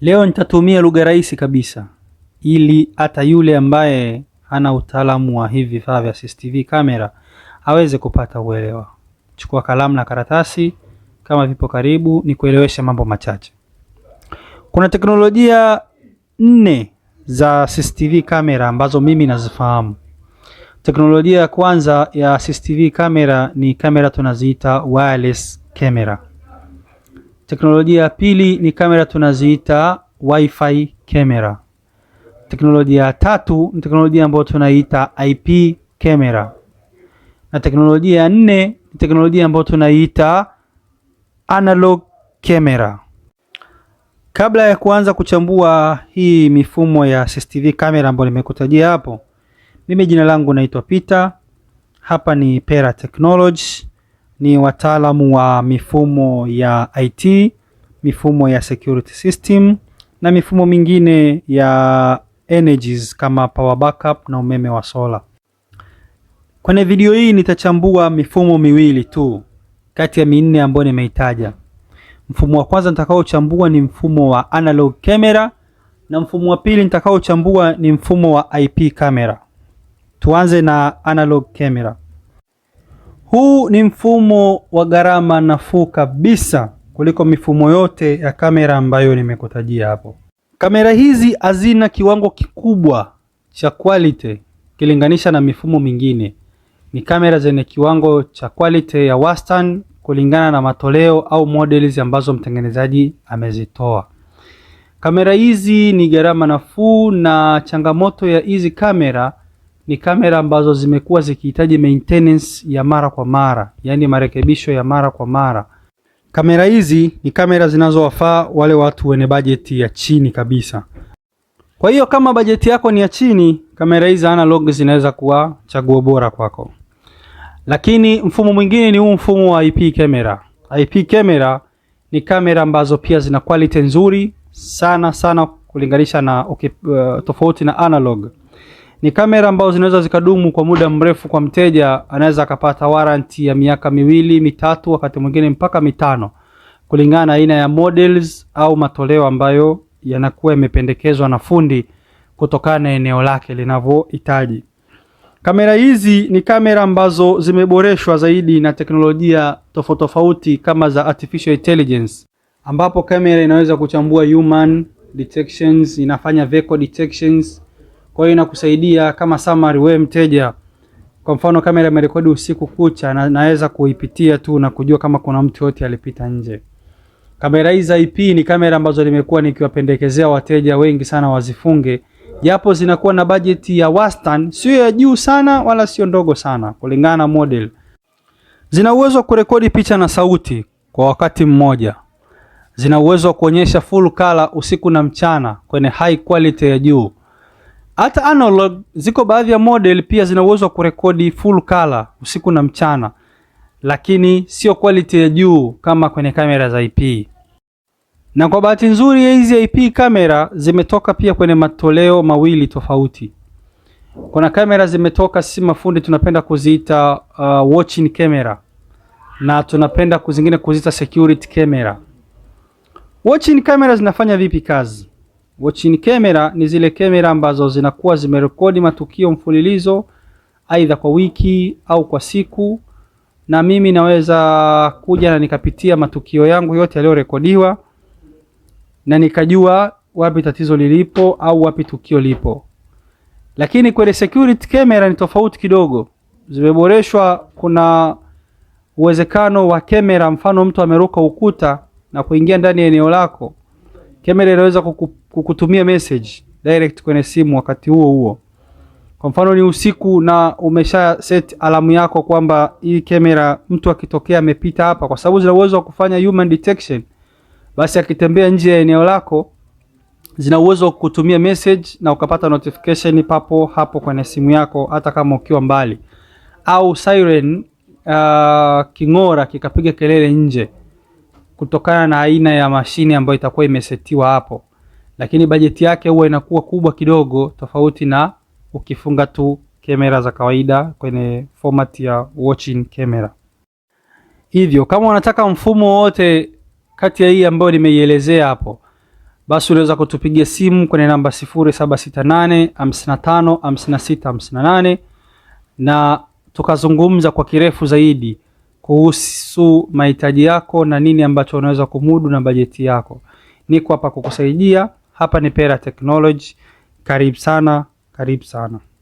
Leo nitatumia lugha rahisi kabisa ili hata yule ambaye hana utaalamu wa hivi vifaa vya CCTV kamera aweze kupata uelewa. Chukua kalamu na karatasi kama vipo karibu, ni kuelewesha mambo machache. Kuna teknolojia nne za CCTV kamera ambazo mimi nazifahamu. Teknolojia ya kwanza ya CCTV kamera ni kamera tunaziita wireless camera. Teknolojia ya pili ni kamera tunaziita Wi-Fi camera. Teknolojia ya tatu ni teknolojia ambayo tunaiita IP camera, na teknolojia ya nne ni teknolojia ambayo tunaiita analog camera. Kabla ya kuanza kuchambua hii mifumo ya CCTV camera ambayo nimekutajia hapo, mimi jina langu naitwa Peter, hapa ni Pera Technologies ni wataalamu wa mifumo ya IT, mifumo ya security system na mifumo mingine ya energies kama power backup na umeme wa sola. Kwenye video hii nitachambua mifumo miwili tu kati ya minne ambayo nimeitaja. Mfumo wa kwanza nitakaochambua ni mfumo wa analog camera na mfumo wa pili nitakaochambua ni mfumo wa IP camera. Tuanze na analog camera. Huu ni mfumo wa gharama nafuu kabisa kuliko mifumo yote ya kamera ambayo nimekutajia hapo. Kamera hizi hazina kiwango kikubwa cha quality kilinganisha na mifumo mingine. Ni kamera zenye kiwango cha quality ya wastani kulingana na matoleo au models ambazo mtengenezaji amezitoa. Kamera hizi ni gharama nafuu, na changamoto ya hizi kamera ni kamera ambazo zimekuwa zikihitaji maintenance ya mara kwa mara, yaani marekebisho ya mara kwa mara. Kamera hizi ni kamera zinazowafaa wale watu wenye bajeti ya chini kabisa. Kwa hiyo kama bajeti yako ni ya chini, kamera hizi analog zinaweza kuwa chaguo bora kwako. Lakini mfumo mwingine ni huu mfumo wa IP kamera. IP kamera ni kamera ambazo pia zina quality nzuri sana sana kulinganisha na okay, uh, eh, tofauti na analog. Ni kamera ambazo zinaweza zikadumu kwa muda mrefu, kwa mteja anaweza akapata waranti ya miaka miwili mitatu, wakati mwingine mpaka mitano, kulingana na aina ya models au matoleo ambayo yanakuwa yamependekezwa na fundi kutokana na eneo lake linavyohitaji. Kamera hizi ni kamera ambazo zimeboreshwa zaidi na teknolojia tofauti tofauti kama za artificial intelligence, ambapo kamera inaweza kuchambua human detections, inafanya vehicle detections kwa hiyo inakusaidia kama summary, we mteja. Kwa mfano kamera imerekodi usiku kucha na, naweza kuipitia tu na kujua kama kuna mtu yote alipita nje. Kamera hizi za IP ni kamera ambazo nimekuwa nikiwapendekezea wateja wengi sana wazifunge, japo zinakuwa na bajeti ya wastani, sio ya juu sana wala sio ndogo sana, kulingana na model. Zina uwezo wa kurekodi picha na sauti kwa wakati mmoja. Zina uwezo wa kuonyesha full color usiku na mchana kwenye high quality ya juu. Hata analog ziko baadhi ya model pia zina uwezo wa kurekodi full color usiku na mchana, lakini sio quality ya juu kama kwenye kamera za IP. Na kwa bahati nzuri hizi IP kamera zimetoka pia kwenye matoleo mawili tofauti. Kuna kamera zimetoka, sisi mafundi tunapenda kuziita uh, watching camera na tunapenda kuzingine kuziita security camera. Watching camera zinafanya vipi kazi? Watching camera ni zile kamera ambazo zinakuwa zimerekodi matukio mfululizo, aidha kwa wiki au kwa siku, na mimi naweza kuja na nikapitia matukio yangu yote yaliyorekodiwa na nikajua wapi tatizo lilipo au wapi tukio lipo. Lakini kwenye security camera ni tofauti kidogo, zimeboreshwa. Kuna uwezekano wa kamera, mfano mtu ameruka ukuta na kuingia ndani ya eneo lako Kamera inaweza kukutumia message direct kwenye simu wakati huo huo. Kwa mfano ni usiku na umesha set alamu yako kwamba hii kamera mtu akitokea amepita hapa, kwa sababu zina uwezo wa kufanya human detection. Basi akitembea nje ya eneo lako, zina uwezo wa kukutumia message na ukapata notification papo hapo kwenye simu yako, hata kama ukiwa mbali, au siren uh, king'ora kikapiga kelele nje kutokana na aina ya mashine ambayo itakuwa imesetiwa hapo, lakini bajeti yake huwa inakuwa kubwa kidogo, tofauti na ukifunga tu kamera za kawaida kwenye format ya watching camera. Hivyo kama unataka mfumo wote kati ya hii ambayo nimeielezea hapo, basi unaweza kutupigia simu kwenye namba 0768 55 56 58 na tukazungumza kwa kirefu zaidi kuhusu mahitaji yako na nini ambacho unaweza kumudu na bajeti yako. Niko hapa kukusaidia. Hapa ni Pera Technology. Karibu sana, karibu sana.